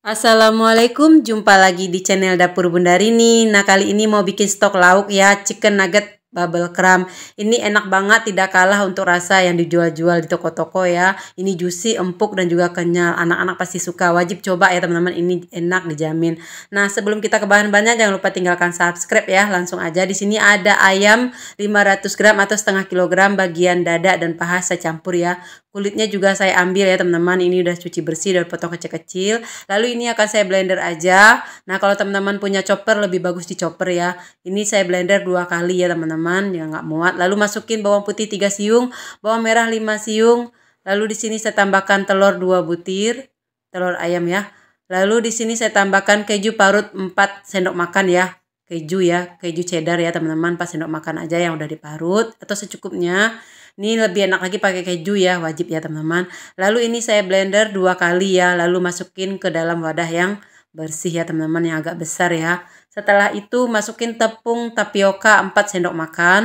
Assalamualaikum, jumpa lagi di channel Dapur Bunda Rini. Nah, kali ini mau bikin stok lauk ya, chicken nugget bubble crumb. Ini enak banget tidak kalah untuk rasa yang dijual-jual di toko-toko ya. Ini juicy, empuk dan juga kenyal. Anak-anak pasti suka. Wajib coba ya teman-teman. Ini enak dijamin. Nah, sebelum kita ke bahan-bahannya jangan lupa tinggalkan subscribe ya. Langsung aja di sini ada ayam 500 gram atau setengah kilogram bagian dada dan paha saya campur ya. Kulitnya juga saya ambil ya teman-teman. Ini udah cuci bersih dan potong kecil-kecil. Lalu ini akan saya blender aja. Nah, kalau teman-teman punya chopper lebih bagus di chopper ya. Ini saya blender dua kali ya teman-teman teman-teman yang nggak muat. Lalu masukin bawang putih 3 siung, bawang merah 5 siung. Lalu di sini saya tambahkan telur 2 butir, telur ayam ya. Lalu di sini saya tambahkan keju parut 4 sendok makan ya. Keju ya, keju cheddar ya teman-teman, pas sendok makan aja yang udah diparut atau secukupnya. Ini lebih enak lagi pakai keju ya, wajib ya teman-teman. Lalu ini saya blender dua kali ya, lalu masukin ke dalam wadah yang bersih ya teman-teman yang agak besar ya. Setelah itu masukin tepung tapioka 4 sendok makan,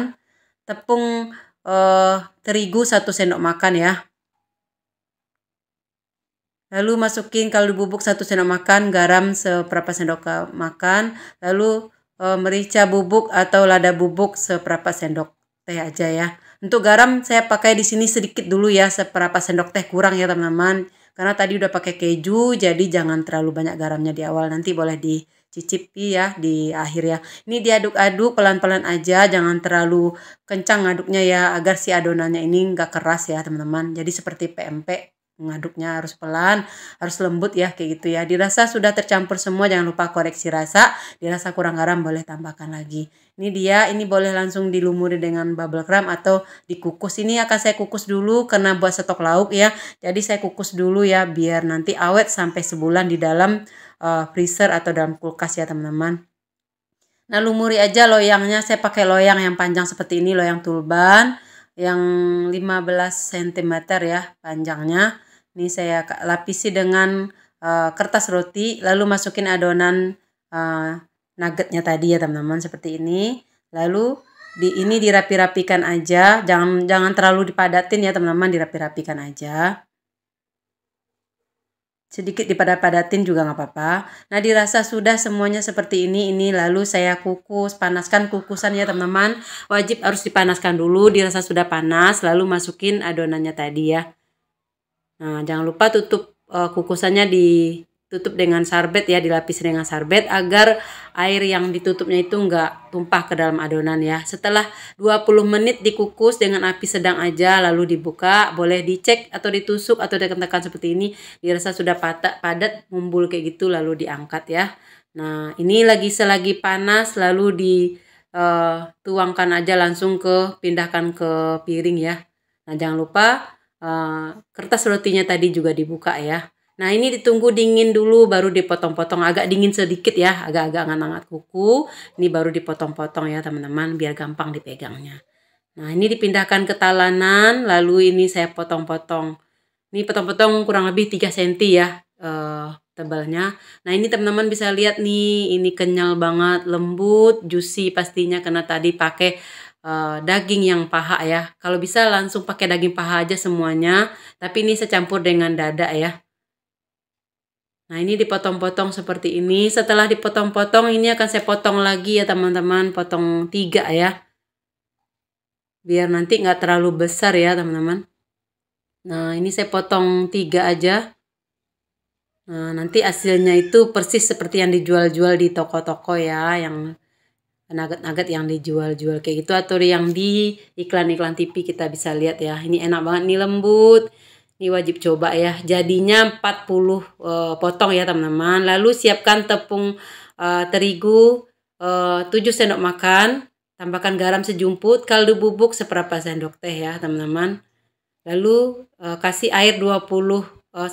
tepung eh, terigu 1 sendok makan ya. Lalu masukin kaldu bubuk 1 sendok makan, garam seberapa sendok makan, lalu eh, merica bubuk atau lada bubuk seberapa sendok teh aja ya. Untuk garam saya pakai di sini sedikit dulu ya, seberapa sendok teh kurang ya teman-teman. Karena tadi udah pakai keju, jadi jangan terlalu banyak garamnya di awal. Nanti boleh dicicipi ya di akhir ya. Ini diaduk-aduk pelan-pelan aja, jangan terlalu kencang aduknya ya agar si adonannya ini nggak keras ya teman-teman. Jadi seperti PMP mengaduknya harus pelan, harus lembut ya kayak gitu ya. Dirasa sudah tercampur semua, jangan lupa koreksi rasa. Dirasa kurang garam boleh tambahkan lagi. Ini dia, ini boleh langsung dilumuri dengan bubble cream atau dikukus. Ini akan saya kukus dulu karena buat stok lauk ya. Jadi saya kukus dulu ya biar nanti awet sampai sebulan di dalam uh, freezer atau dalam kulkas ya teman-teman. Nah lumuri aja loyangnya, saya pakai loyang yang panjang seperti ini, loyang tulban yang 15 cm ya panjangnya ini saya lapisi dengan uh, kertas roti, lalu masukin adonan uh, nuggetnya tadi ya teman-teman seperti ini. Lalu di ini dirapi-rapikan aja, jangan jangan terlalu dipadatin ya teman-teman, dirapi-rapikan aja. Sedikit dipadat-padatin juga nggak apa-apa. Nah dirasa sudah semuanya seperti ini, ini lalu saya kukus, panaskan kukusan ya teman-teman. Wajib harus dipanaskan dulu, dirasa sudah panas, lalu masukin adonannya tadi ya. Nah, jangan lupa tutup uh, kukusannya ditutup dengan sarbet ya, dilapis dengan sarbet agar air yang ditutupnya itu enggak tumpah ke dalam adonan ya. Setelah 20 menit dikukus dengan api sedang aja lalu dibuka, boleh dicek atau ditusuk atau ditekan-tekan seperti ini, dirasa sudah padat, padat ngumpul kayak gitu lalu diangkat ya. Nah, ini lagi selagi panas lalu di uh, tuangkan aja langsung ke pindahkan ke piring ya. Nah, jangan lupa Eh, kertas rotinya tadi juga dibuka ya. Nah ini ditunggu dingin dulu baru dipotong-potong agak dingin sedikit ya agak-agak ngangat-ngangat kuku ini baru dipotong-potong ya teman-teman biar gampang dipegangnya. Nah ini dipindahkan ke talanan lalu ini saya potong-potong ini potong-potong kurang lebih 3 cm ya uh, tebalnya. Nah ini teman-teman bisa lihat nih ini kenyal banget lembut juicy pastinya karena tadi pakai Eh, daging yang paha ya. Kalau bisa langsung pakai daging paha aja semuanya, tapi ini secampur dengan dada ya. Nah, ini dipotong-potong seperti ini. Setelah dipotong-potong, ini akan saya potong lagi ya teman-teman, potong tiga ya. Biar nanti nggak terlalu besar ya teman-teman. Nah, ini saya potong tiga aja. Nah, nanti hasilnya itu persis seperti yang dijual-jual di toko-toko ya, yang nugget-nugget yang dijual-jual kayak gitu atau yang di iklan-iklan TV kita bisa lihat ya. Ini enak banget nih lembut. Ini wajib coba ya. Jadinya 40 uh, eh, potong ya teman-teman. Lalu siapkan tepung uh, terigu eh, uh, 7 sendok makan, tambahkan garam sejumput, kaldu bubuk seperempat sendok teh ya teman-teman. Lalu uh, kasih air 20 uh,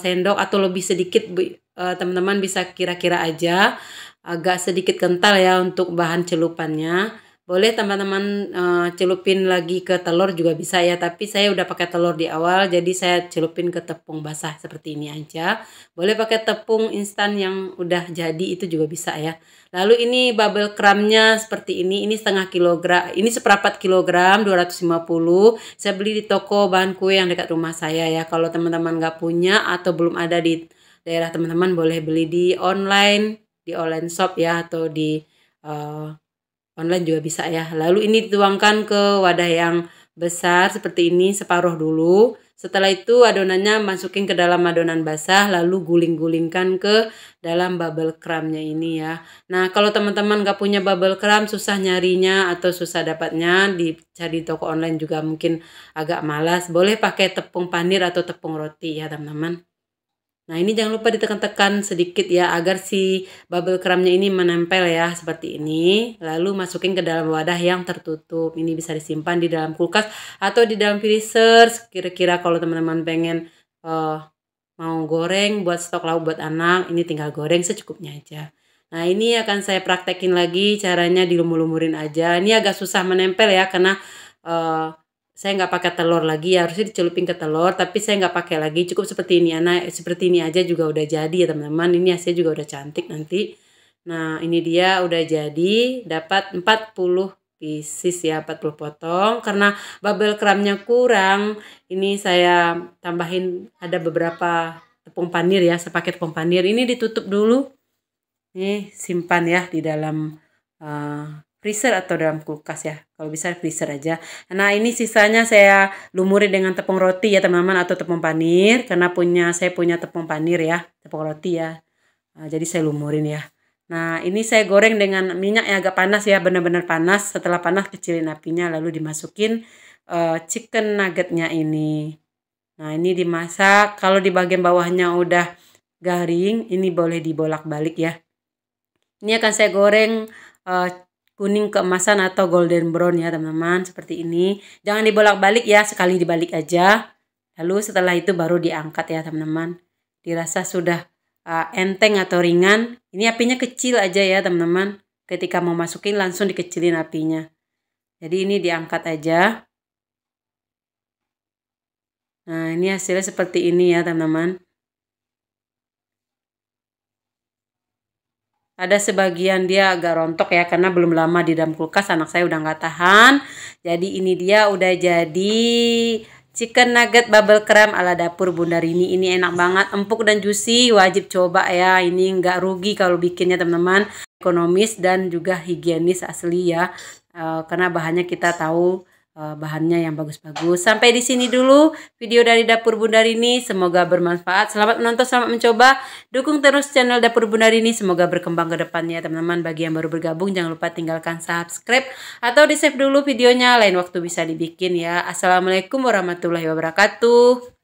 sendok atau lebih sedikit teman-teman uh, bisa kira-kira aja agak sedikit kental ya untuk bahan celupannya boleh teman-teman uh, celupin lagi ke telur juga bisa ya tapi saya udah pakai telur di awal jadi saya celupin ke tepung basah seperti ini aja boleh pakai tepung instan yang udah jadi itu juga bisa ya lalu ini bubble crumbnya seperti ini ini setengah kilogram ini seperempat kilogram 250 saya beli di toko bahan kue yang dekat rumah saya ya kalau teman-teman nggak punya atau belum ada di daerah teman-teman boleh beli di online di online shop ya atau di uh, online juga bisa ya. Lalu ini dituangkan ke wadah yang besar seperti ini separuh dulu. Setelah itu adonannya masukin ke dalam adonan basah lalu guling-gulingkan ke dalam bubble crumbnya ini ya. Nah kalau teman-teman gak punya bubble crumb susah nyarinya atau susah dapatnya dicari toko online juga mungkin agak malas. Boleh pakai tepung panir atau tepung roti ya teman-teman. Nah ini jangan lupa ditekan-tekan sedikit ya agar si bubble crumbnya ini menempel ya seperti ini. Lalu masukin ke dalam wadah yang tertutup. Ini bisa disimpan di dalam kulkas atau di dalam freezer. Kira-kira kalau teman-teman pengen uh, mau goreng buat stok lauk buat anak, ini tinggal goreng secukupnya aja. Nah ini akan saya praktekin lagi caranya dilumur-lumurin aja. Ini agak susah menempel ya karena uh, saya nggak pakai telur lagi ya harusnya dicelupin ke telur tapi saya nggak pakai lagi cukup seperti ini ya nah seperti ini aja juga udah jadi ya teman-teman ini hasilnya juga udah cantik nanti nah ini dia udah jadi dapat 40 pieces ya 40 potong karena bubble crumbnya kurang ini saya tambahin ada beberapa tepung panir ya sepaket tepung panir ini ditutup dulu nih simpan ya di dalam uh, freezer atau dalam kulkas ya. Kalau bisa freezer aja. Nah ini sisanya saya lumuri dengan tepung roti ya teman-teman atau tepung panir. Karena punya saya punya tepung panir ya, tepung roti ya. Nah, jadi saya lumurin ya. Nah ini saya goreng dengan minyak yang agak panas ya, benar-benar panas. Setelah panas kecilin apinya lalu dimasukin uh, chicken nuggetnya ini. Nah ini dimasak. Kalau di bagian bawahnya udah garing, ini boleh dibolak-balik ya. Ini akan saya goreng uh, kuning keemasan atau golden brown ya teman-teman seperti ini jangan dibolak-balik ya sekali dibalik aja lalu setelah itu baru diangkat ya teman-teman dirasa sudah uh, enteng atau ringan ini apinya kecil aja ya teman-teman ketika mau masukin langsung dikecilin apinya jadi ini diangkat aja nah ini hasilnya seperti ini ya teman-teman ada sebagian dia agak rontok ya karena belum lama di dalam kulkas anak saya udah nggak tahan jadi ini dia udah jadi chicken nugget bubble cream ala dapur bunda ini ini enak banget empuk dan juicy wajib coba ya ini nggak rugi kalau bikinnya teman-teman ekonomis dan juga higienis asli ya e, karena bahannya kita tahu Eh, bahannya yang bagus-bagus. Sampai di sini dulu video dari Dapur Bunda Rini. Semoga bermanfaat. Selamat menonton, selamat mencoba. Dukung terus channel Dapur Bunda Rini. Semoga berkembang ke depannya teman-teman. Bagi yang baru bergabung jangan lupa tinggalkan subscribe atau di-save dulu videonya. Lain waktu bisa dibikin ya. Assalamualaikum warahmatullahi wabarakatuh.